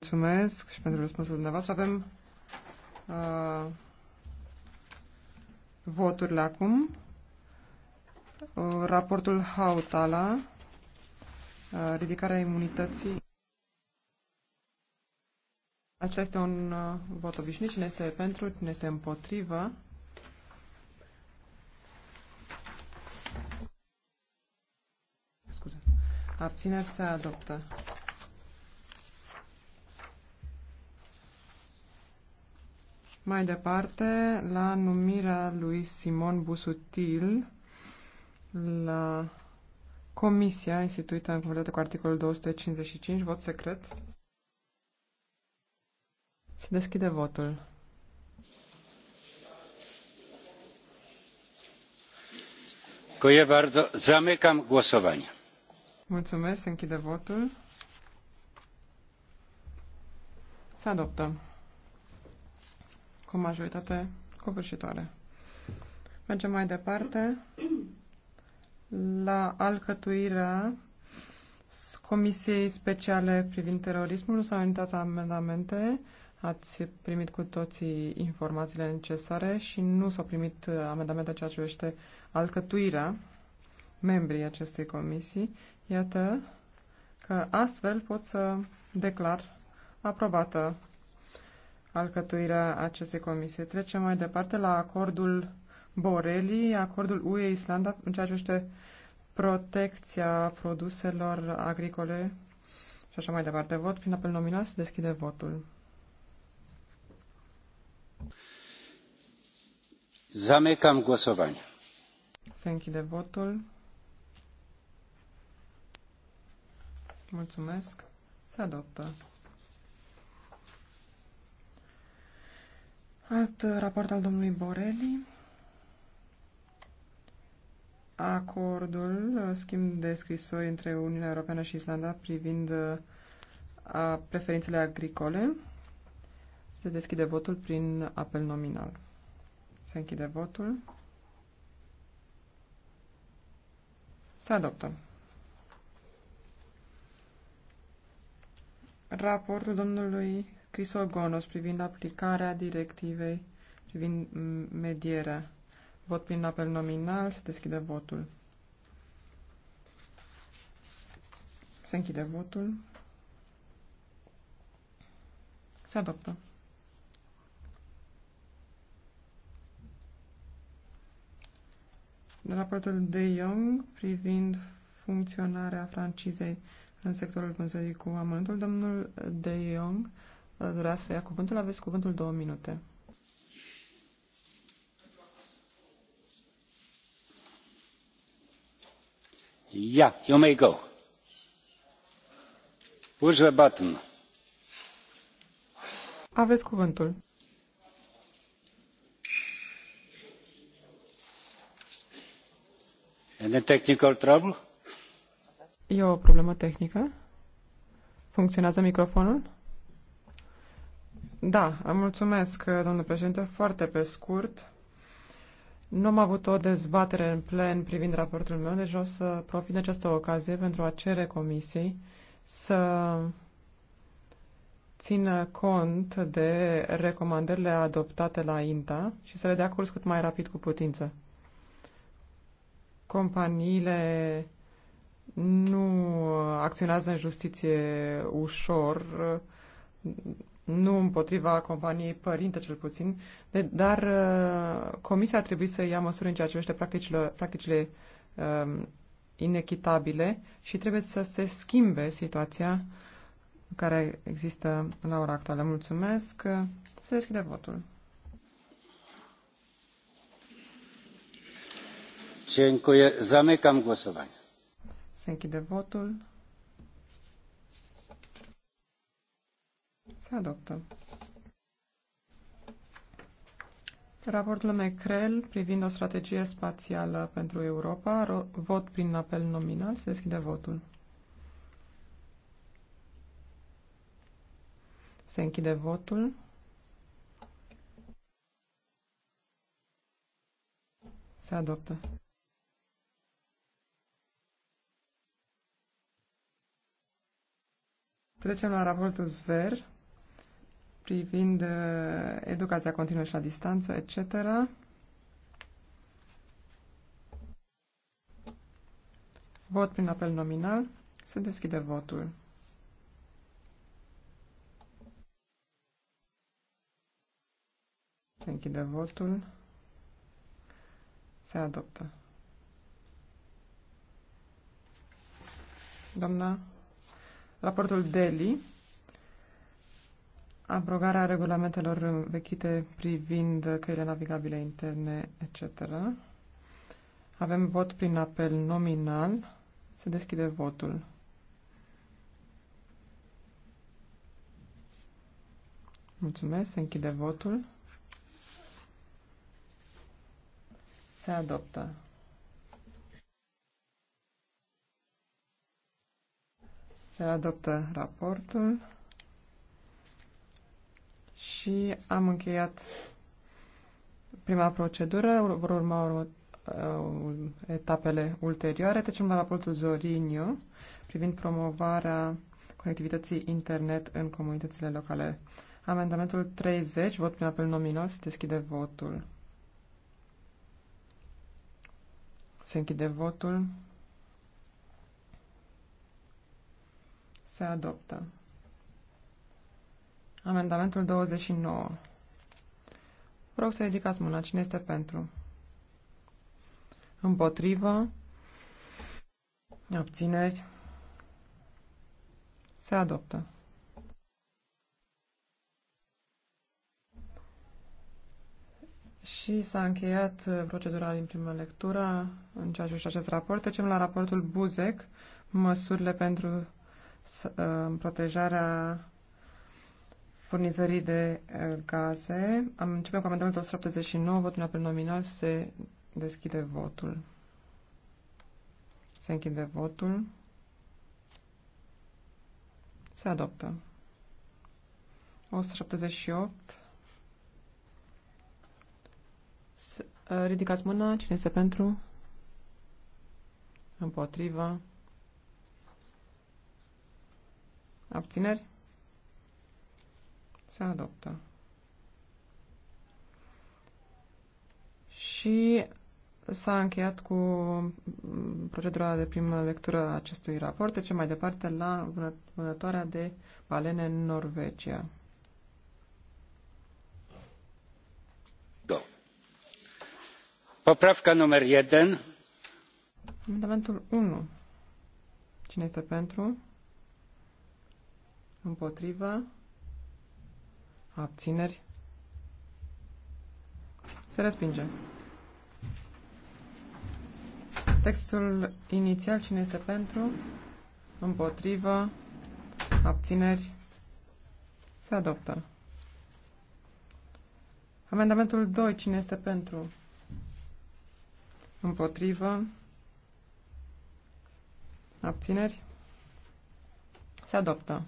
Mulțumesc și pentru răspunsul dumneavoastră. Avem uh, voturile acum. Uh, raportul Hautala, uh, ridicarea imunității. Acesta este un uh, vot obișnuit. Cine este pentru, cine este împotrivă. Scuze. Abțineri se adoptă. Mai departe, la numirea lui Simon Busutil la comisia instituită în conformitate cu articolul 255, vot secret. Se deschide votul. Dziękuję bardzo. Zamykam głosowanie. Mulțumesc, închide votul. Se adoptăm cu majoritate covârșitoare. Mergem mai departe la alcătuirea Comisiei Speciale privind terorismul. S-au unitat amendamente, ați primit cu toții informațiile necesare și nu s-au primit amendamente ceea ce vește alcătuirea membrii acestei comisii. Iată că astfel pot să declar aprobată alcătuirea acestei comisii. Trecem mai departe la acordul Borelli, acordul UE-Islanda în ceea ce privește protecția produselor agricole și așa mai departe. Vot prin apel nominal se deschide votul. Zamecam głosowanie. Se închide votul. Mulțumesc. Se adoptă. Alt uh, raport al domnului Borelli. Acordul, uh, schimb de scrisori între Uniunea Europeană și Islanda privind uh, a preferințele agricole. Se deschide votul prin apel nominal. Se închide votul. Se adoptă. Raportul domnului Crisogonos privind aplicarea directivei privind medierea. Vot prin apel nominal. Se deschide votul. Se închide votul. Se adoptă. Raportul de Young privind funcționarea francizei în sectorul vânzării cu amănuntul, domnul de Young vrea să ia cuvântul. Aveți cuvântul două minute. Yeah, you may go. Push the button. Aveți cuvântul. Any technical trouble? E o problemă tehnică? Funcționează microfonul? Da, mulțumesc, domnule președinte. Foarte pe scurt. Nu am avut o dezbatere în plen privind raportul meu, deci o să profit de această ocazie pentru a cere comisiei să țină cont de recomandările adoptate la INTA și să le dea curs cât mai rapid cu putință. Companiile nu acționează în justiție ușor, nu împotriva companiei părinte cel puțin, de, dar uh, comisia a trebuit să ia măsuri în ceea ce privește practicile, practicile uh, inechitabile și trebuie să se schimbe situația care există la ora actuală. Mulțumesc. Se deschide votul. Dziękuję. Zamykam głosowanie. Se închide votul. Se adoptă. Raportul Mecrel privind o strategie spațială pentru Europa, vot prin apel nominal, se deschide votul. Se închide votul. Se adoptă. Trecem la raportul Zver privind uh, educația continuă și la distanță, etc. Vot prin apel nominal. Se deschide votul. Se închide votul. Se adoptă. Doamna, raportul Deli abrogarea regulamentelor vechite privind căile navigabile interne, etc. Avem vot prin apel nominal. Se deschide votul. Mulțumesc. Se închide votul. Se adoptă. Se adoptă raportul și am încheiat prima procedură, vor urma urmă, uh, etapele ulterioare. Trecem la raportul Zoriniu privind promovarea conectivității internet în comunitățile locale. Amendamentul 30, vot prin apel nominal, se deschide votul. Se închide votul. Se adoptă. Amendamentul 29. Vreau rog să ridicați mâna. Cine este pentru? Împotrivă. Abțineri. Se adoptă. Și s-a încheiat uh, procedura din prima lectură în ceea ce privește acest raport. Trecem la raportul Buzec, măsurile pentru uh, protejarea furnizării de eh, gaze. Am început cu amendamentul 179, votul în apel nominal, se deschide votul. Se închide votul. Se adoptă. 178. Eh, ridicați mâna. Cine este pentru? Împotriva. Abțineri? se adoptă. Și s-a încheiat cu procedura de primă lectură a acestui raport, de ce mai departe la vânătoarea de balene în Norvegia. Da. Poprawka numer 1. Amendamentul 1. Cine este pentru? Împotrivă? Abțineri. Se respinge. Textul inițial, cine este pentru? Împotrivă. Abțineri. Se adoptă. Amendamentul 2, cine este pentru? Împotrivă. Abțineri. Se adoptă.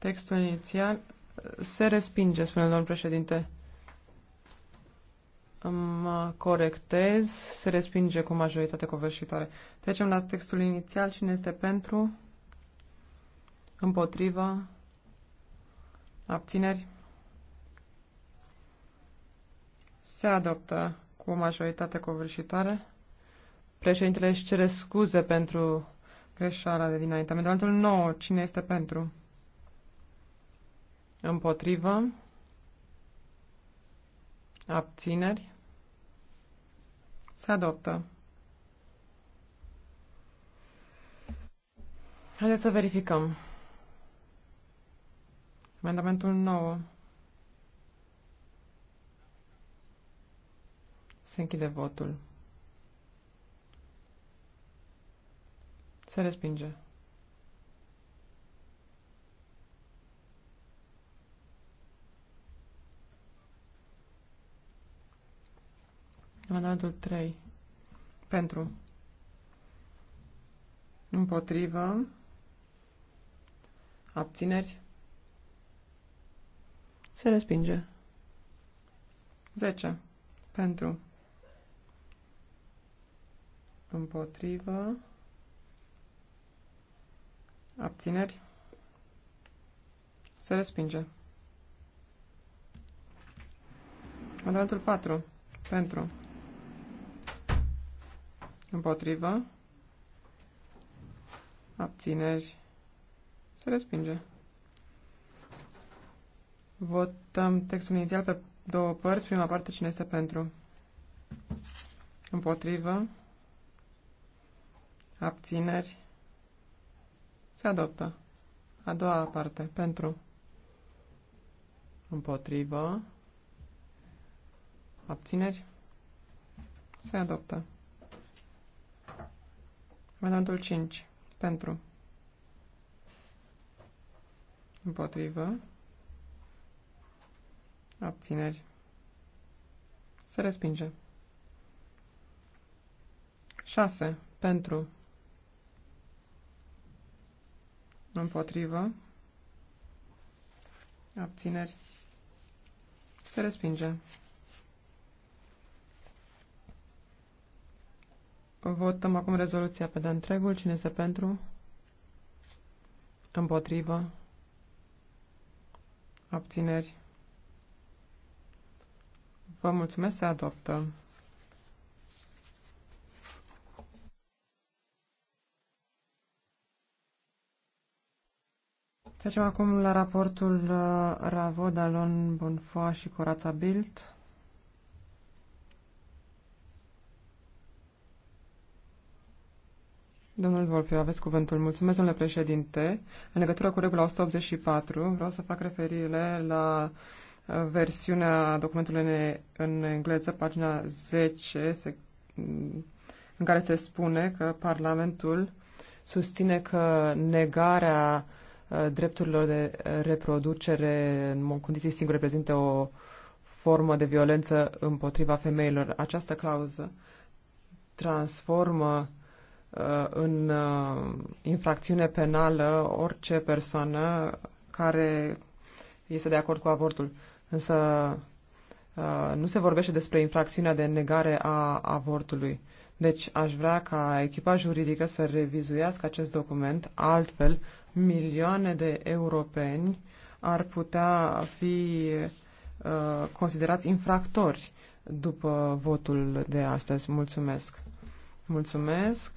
Textul inițial uh, se respinge, spune domnul președinte. Mă corectez, se respinge cu majoritate covârșitoare. Trecem la textul inițial. Cine este pentru? Împotriva? Abțineri? Se adoptă cu majoritate covârșitoare. Președintele își cere scuze pentru greșeala de dinainte. Amendamentul 9. Cine este pentru? Împotrivă. Abțineri. Se adoptă. Haideți să verificăm. Amendamentul 9. Se închide votul. Se respinge. Amendamentul 3. Pentru. Împotrivă. Abțineri. Se respinge. 10. Pentru. Împotrivă. Abțineri. Se respinge. Amendamentul 4. Pentru. Împotrivă. Abțineri. Se respinge. Votăm textul inițial pe două părți. Prima parte, cine este pentru? Împotrivă. Abțineri. Se adoptă. A doua parte, pentru. Împotrivă. Abțineri. Se adoptă. Amendamentul 5. Pentru. Împotrivă. Abțineri. Se respinge. 6. Pentru. Împotrivă. Abțineri. Se respinge. Votăm acum rezoluția pe de întregul. Cine este pentru? Împotrivă? Abțineri? Vă mulțumesc, se adoptă. Trecem acum la raportul uh, Ravo, Dalon, Bonfoa și Corața Bilt. Domnul Volpe, aveți cuvântul. Mulțumesc, domnule președinte. În legătură cu regula 184, vreau să fac referire la uh, versiunea documentului în, engleză, pagina 10, în care se spune că Parlamentul susține că negarea uh, drepturilor de reproducere în condiții singure reprezintă o formă de violență împotriva femeilor. Această clauză transformă Uh, în uh, infracțiune penală orice persoană care este de acord cu avortul. Însă uh, nu se vorbește despre infracțiunea de negare a avortului. Deci aș vrea ca echipa juridică să revizuiască acest document, altfel milioane de europeni ar putea fi uh, considerați infractori după votul de astăzi. Mulțumesc! Mulțumesc!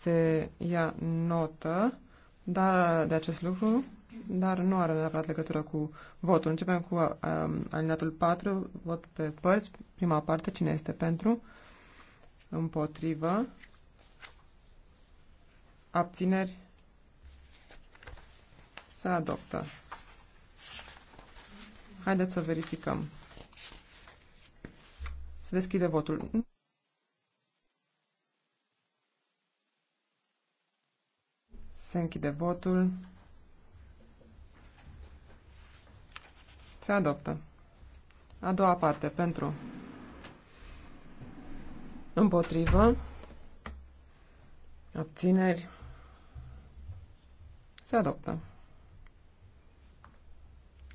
se ia notă dar, de acest lucru, dar nu are neapărat legătură cu votul. Începem cu um, alinatul 4, vot pe părți, prima parte, cine este pentru, împotrivă, abțineri, se adoptă. Haideți să verificăm. Se deschide votul. Se închide votul. Se adoptă. A doua parte, pentru. Împotrivă. Abțineri. Se adoptă.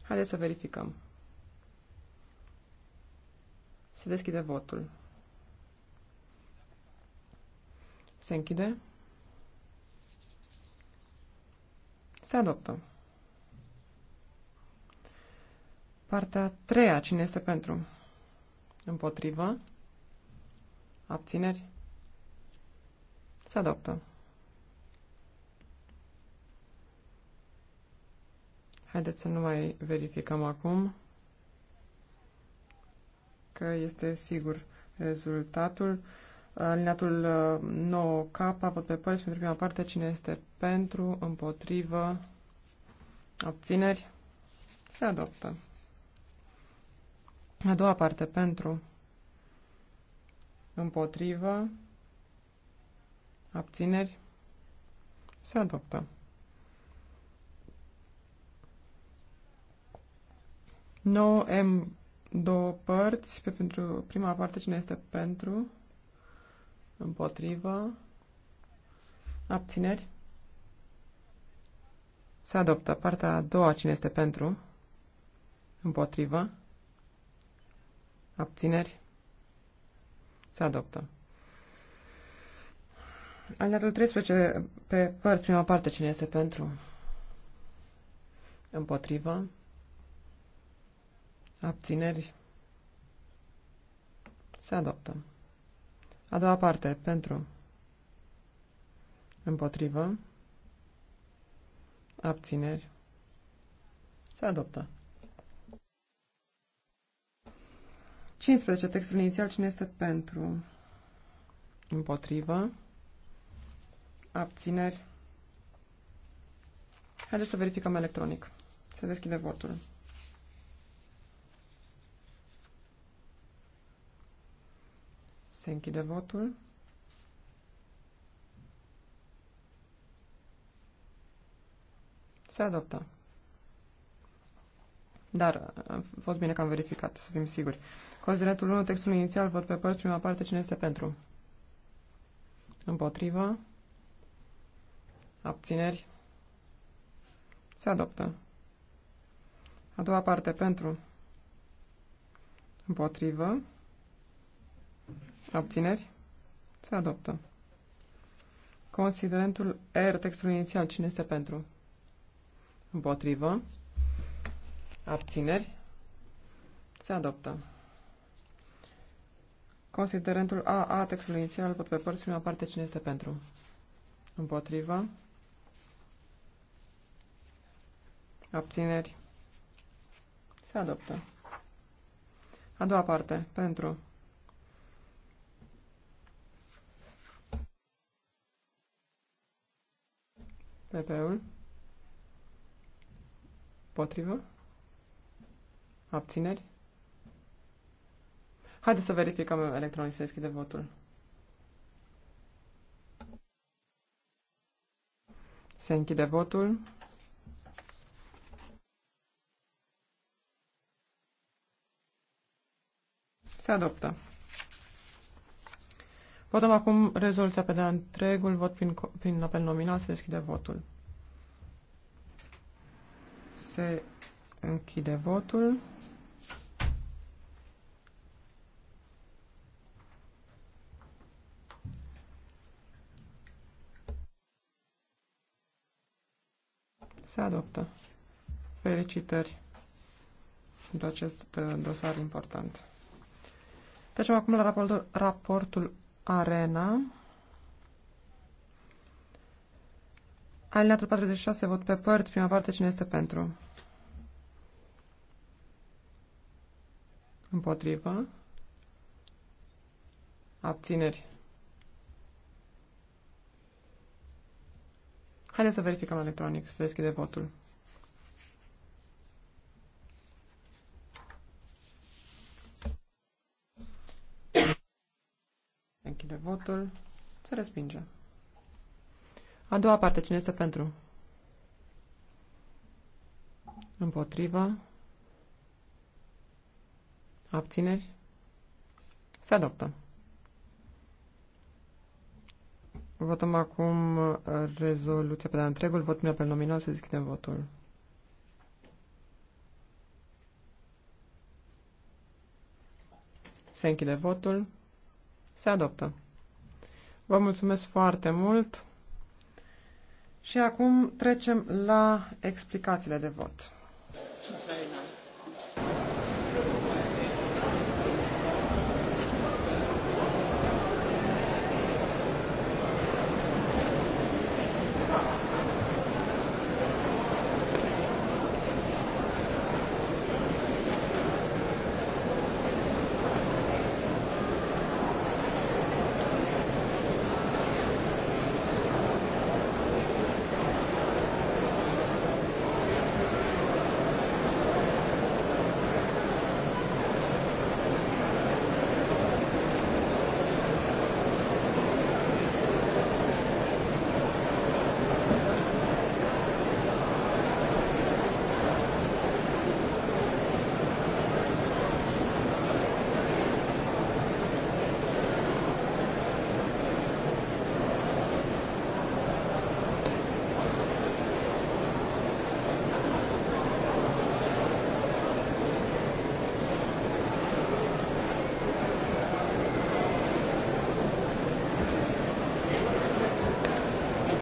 Haideți să verificăm. Se deschide votul. Se închide. Se adoptă. Partea a treia. Cine este pentru? Împotrivă. Abțineri. Se adoptă. Haideți să nu mai verificăm acum că este sigur rezultatul. Alineatul 9K, uh, vot pe părți pentru prima parte, cine este pentru, împotrivă, abțineri, se adoptă. A doua parte, pentru, împotrivă, abțineri, se adoptă. No M două părți, pe pentru prima parte cine este pentru, Împotrivă. Abțineri. Se adoptă. Partea a doua, cine este pentru? Împotrivă. Abțineri. Se adoptă. Aliatul 13 pe părți, prima parte, cine este pentru? Împotrivă. Abțineri. Se adoptă. A doua parte, pentru, împotrivă, abțineri, se adoptă. 15. Textul inițial, cine este pentru, împotrivă, abțineri. Haideți să verificăm electronic. Se deschide votul. Se închide votul. Se adoptă. Dar a fost bine că am verificat, să fim siguri. Consideratul 1, textul inițial, vot pe părți, prima parte, cine este pentru? Împotrivă. Abțineri. Se adoptă. A doua parte, pentru. Împotrivă. Abțineri? Se adoptă. Considerentul R, textul inițial, cine este pentru? Împotrivă. Abțineri? Se adoptă. Considerentul a) textul inițial, pot pe părți, prima parte, cine este pentru? Împotrivă. Abțineri. Se adoptă. A doua parte, pentru. PP-ul. Potrivă. Abțineri. Haideți să verificăm electronic să deschide votul. Se închide votul. Se adoptă. Votăm acum rezoluția pe de întregul vot prin, prin apel nominal. Se deschide votul. Se închide votul. Se adoptă. Felicitări pentru deci acest uh, dosar important. Trecem acum la raportul, raportul Arena. Alina 46, vot pe părți, prima parte, cine este pentru? Împotrivă. Abțineri. Haideți să verificăm electronic, să deschide votul. Închide votul. Se respinge. A doua parte, cine este pentru? Împotrivă. Abțineri. Se adoptă. Votăm acum rezoluția pe de întregul. Vot pe nominal să deschidem votul. Se închide votul. Se adoptă. Vă mulțumesc foarte mult. Și acum trecem la explicațiile de vot.